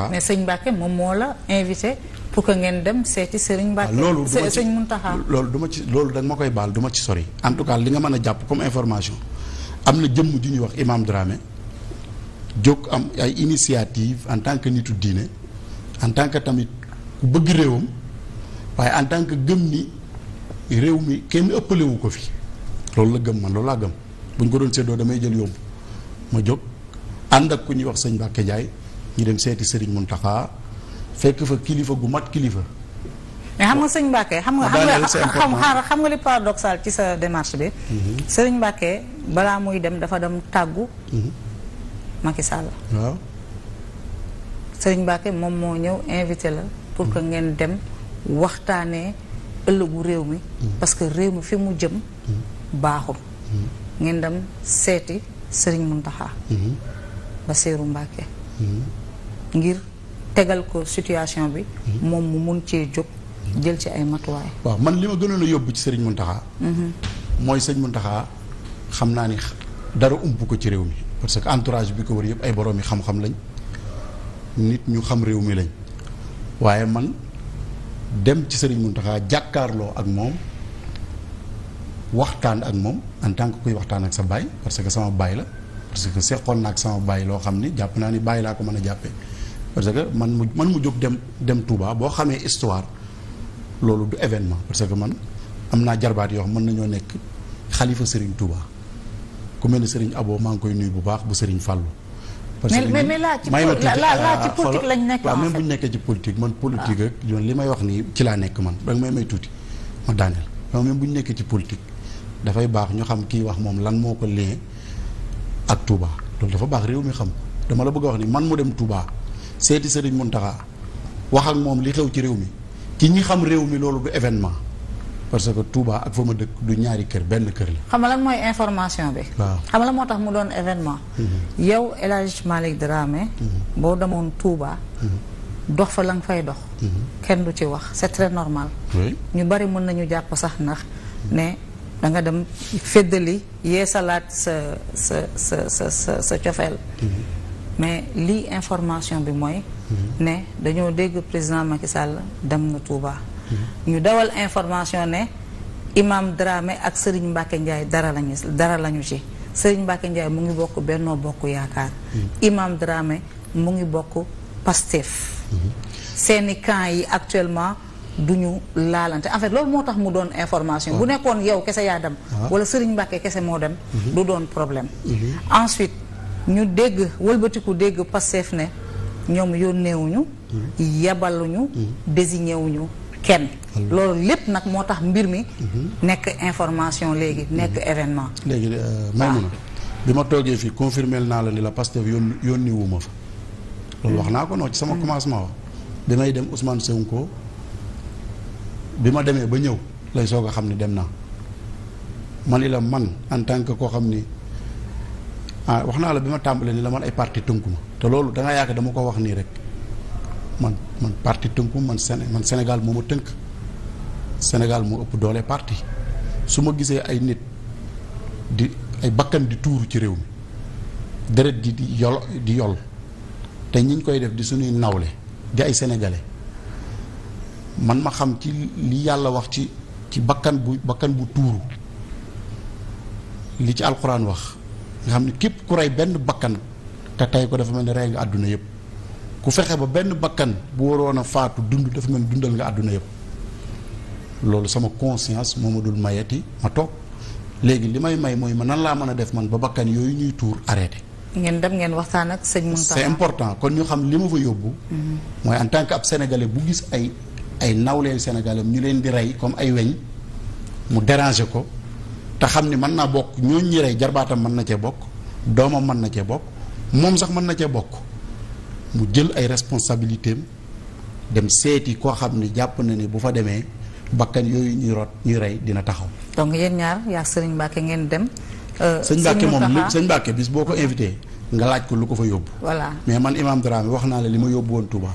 Ah. mais sëñ Mbacke moom moo la invité pour que ngeen dem seeti Serigne ah, Mbacke. loolu du ma ci loolu du ma ci loolu da ma koy baal du ci sori. en tout cas li nga mën a jàpp comme information am na jëmm ju ñuy wax Imam Dramé jóg am ay initiative en tant que nitu diine en tant que tamit ku bëgg réewam waaye en tant que gëm ni réew mi kenn ëppalewu ko fi loolu la gëm man loolu laa gëm bu ñu ko doon séddoo damay jël yomb ma jóg ànd ak ku ñuy wax sëñ Mbacke Ndiaye. ñu dem seeti Serigne Mountakha fekk fa kilifa gu mat kilifa. mais xam nga sëñ Mbacke xam nga xam nga li paradoxal ci sa démarche bi. Mhm. sëriñ Mbacke balaa muy dem dafa dem tàggu. Mhm. Macky Sall. sëriñ Mbacke moom moo ñëw invité la. pour que ngeen dem waxtaanee ëllëgu réew mi. Mhm. parce que réew mi fi mu jëm. baaxul. ngeen dem seeti sëriñ Mountakha. Bassirou Mbacke. ngir tegal ko situation bi. moom mu mun cee jóg jël ci ay matuwaay. waaw man li ma gënoon a yóbbu ci sëriñ Mountakha. Mhm. mooy sëñ Mountakha xam naa ni dara ump ko ci réew mi parce que entourage bi ko wër yëpp ay borom yi xam-xam lañ nit ñu xam réew mi lañ waaye man dem ci sëriñ taxaa jàkkaarloo ak moom. waxtaan ak moom en tant que kuy waxtaan ak sa baay parce que sama baay la parce que seqoon na ak sama baay loo xam ni jàpp naa ni baay laa ko mën a jàppee parce que man mu man mu jóg dem dem Touba boo xamee histoire loolu du événement parce que man am naa jarbaat yoo xam mën nañoo nekk xalifa Serigne Touba ku mel ni Serigne Abo maa ngi koy nuyu bu baax bu Serigne Fallou. parce que mais mais laa ah, ci politique nekkee ci politique man politique ah. ak li may wax nii ci laa nekk man danga may may tuuti ma daaneel waaw même bu ñu nekkee ci politique dafay baax ñu xam kii wax moom lan moo ko lee ak Touba loolu dafa baax réew mi xam dama la bëgg a wax ni man mu dem Touba. seeti Serigne Mountakha wax ak moom li xew ci réew mi ci ñi xam réew mi loolu du événement parce que Touba ak fa ma dëkk du ñaari kër benn kër la. xam nga lan mooy information bi. waaw xam la moo tax mu doon événement. Mhm. yow El Hadj Malick Dramé. Mhm. boo demoon Touba. Mhm. dox fa la nga fay dox. kenn du ci wax c'est très normal. ñu bari mën nañu jàpp sax nax ne da nga dem féddali yee salaat sa sa sa sa sa sa cofeel mais lii information bi mooy. ne dañoo dégg président Macky Sall dem na Touba. ñu dawal information ne imam Dramé ak sëriñ Mbacke Ndiaye dara lañu si sëriñ ci Serigne mu ngi bokk Benno Bokk Yaakaar. imam drame mu ngi bokk Pastef. seeni camp yi actuellement du ñu laalante en loolu moo tax mu doon information. bu nekkoon yow kese yaa dem. Ah. wala Serigne Mbacke kese moo dem. Mm-hmm. du doon problème mm-hmm. ensuite. ñu dégg wëlbatiku dégg Pastef ne ñoom yónneewuñu yabaluñu mm-hmm. désigné wuñu kenn mm-hmm. loolu lépp nag moo tax mbir mi mm-hmm. nekk information léegi nekk événement léegi euh, Maimouna bi ma toogee fii confirmé naa la ni la Pastef yónni yónni wu ma fa loolu wax naa ko non ci sama commencement wax bi may dem Ousmane Sonko bi ma demee ba ñëw lay soog a xam ni dem naa man i la man en tant que koo xam ni ah wax naa la bi ma tàmbalee ni la man ay parti tënku ma te loolu da nga dama ko wax nii rek man man parti tënku man Séné man senegal moo ma tënk Sénégal mu ëpp doole parti su ma gisee ay nit di ay bakkan di tuuru ci réew mi deret di di yol di yol te ñiñ koy def di suñuy nawle di ay sénégalais man ma xam ci li yàlla wax ci ci bakkan bu bakkan bu tuuru li ci alxuraan wax nga xam ne képp ku rey benn bakkan te tey ko dafa mel ni rey nga àdduna yëpp ku fexe ba benn bakkan bu waroon a faatu dund dafa mel ni dundal nga àdduna yëpp loolu sama conscience moom ma dul mayati ma toog léegi li may may mooy man nan laa mën a def man ba bakkan yooyu ñuy tuur arrêté. ngeen dem ngeen waxtaan ak sëñ Mountakha. c'est important kon ñu xam li ma fa yóbbu. Mm-hmm. mooy en tant que ab sénégalais bu gis ay ay nawleel sénégalais ñu leen di rey comme ay weñ mu déranger ko. te xam ni mën naa bokk ñooñu ñi rey jarbaatam mën na cee bokk doomam mën na cee bokk moom sax mën na cee bokk mu jël ay responsabilités dem seeti koo xam ni jàpp na ni bu fa demee bakkan yooyu ñuy rot ñuy rey dina taxaw. donc yéen ñaar yaa Serigne Mbacke ngeen dem. Euh, sëñ Mbacke moom lu sëñ Mbacke bis boo ko invité nga laaj ko lu ko fa yóbbu. voilà mais man Imam Dramé wax naa la li ma yóbbu woon Touba.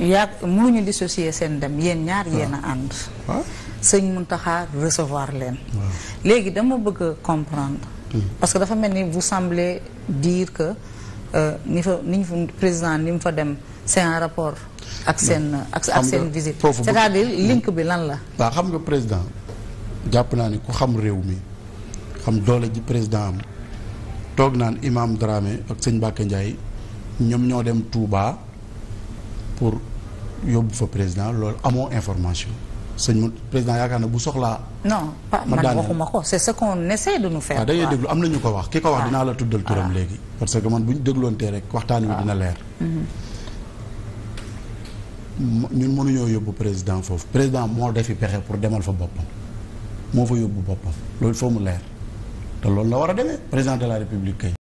yaa ñu dissocier seen dem yéen ñaar yéen a ah. ànd ah. sëñ Mountakha recevoir leen léegi dama bëgg a comprendre hmm. parce que dafa mel ni vous semblez diir que euh, ni fa ni ñu fa président ni mu fa dem seen rapport ak seen ak ak seen visite cest à hmm. link bi lan la waaw xam nga président jàpp naa ni ku xam réew mi xam doole ji président am toog naan imam Dramé ak sëñ Mbacke Ndiaye ñoom ñoo dem Touba pour yóbbu fa président loolu amoo information sëñ ma président yaakaar na bu soxlaa. non pas man waxuma ko c'est ce qu'on essaie de nous faire. waaw da déglu am na ñu ko wax ki ko wax dinaa la tuddal turam léegi. parce que man bu ñu dégloontee rek waxtaan wi dina leer. Mm-hmm. ñun mënuñoo yóbbu président foofu président moo defi pexe pour demal fa boppam moo fa yóbbu boppam loolu foo mu leer te loolu la war a demee président de la république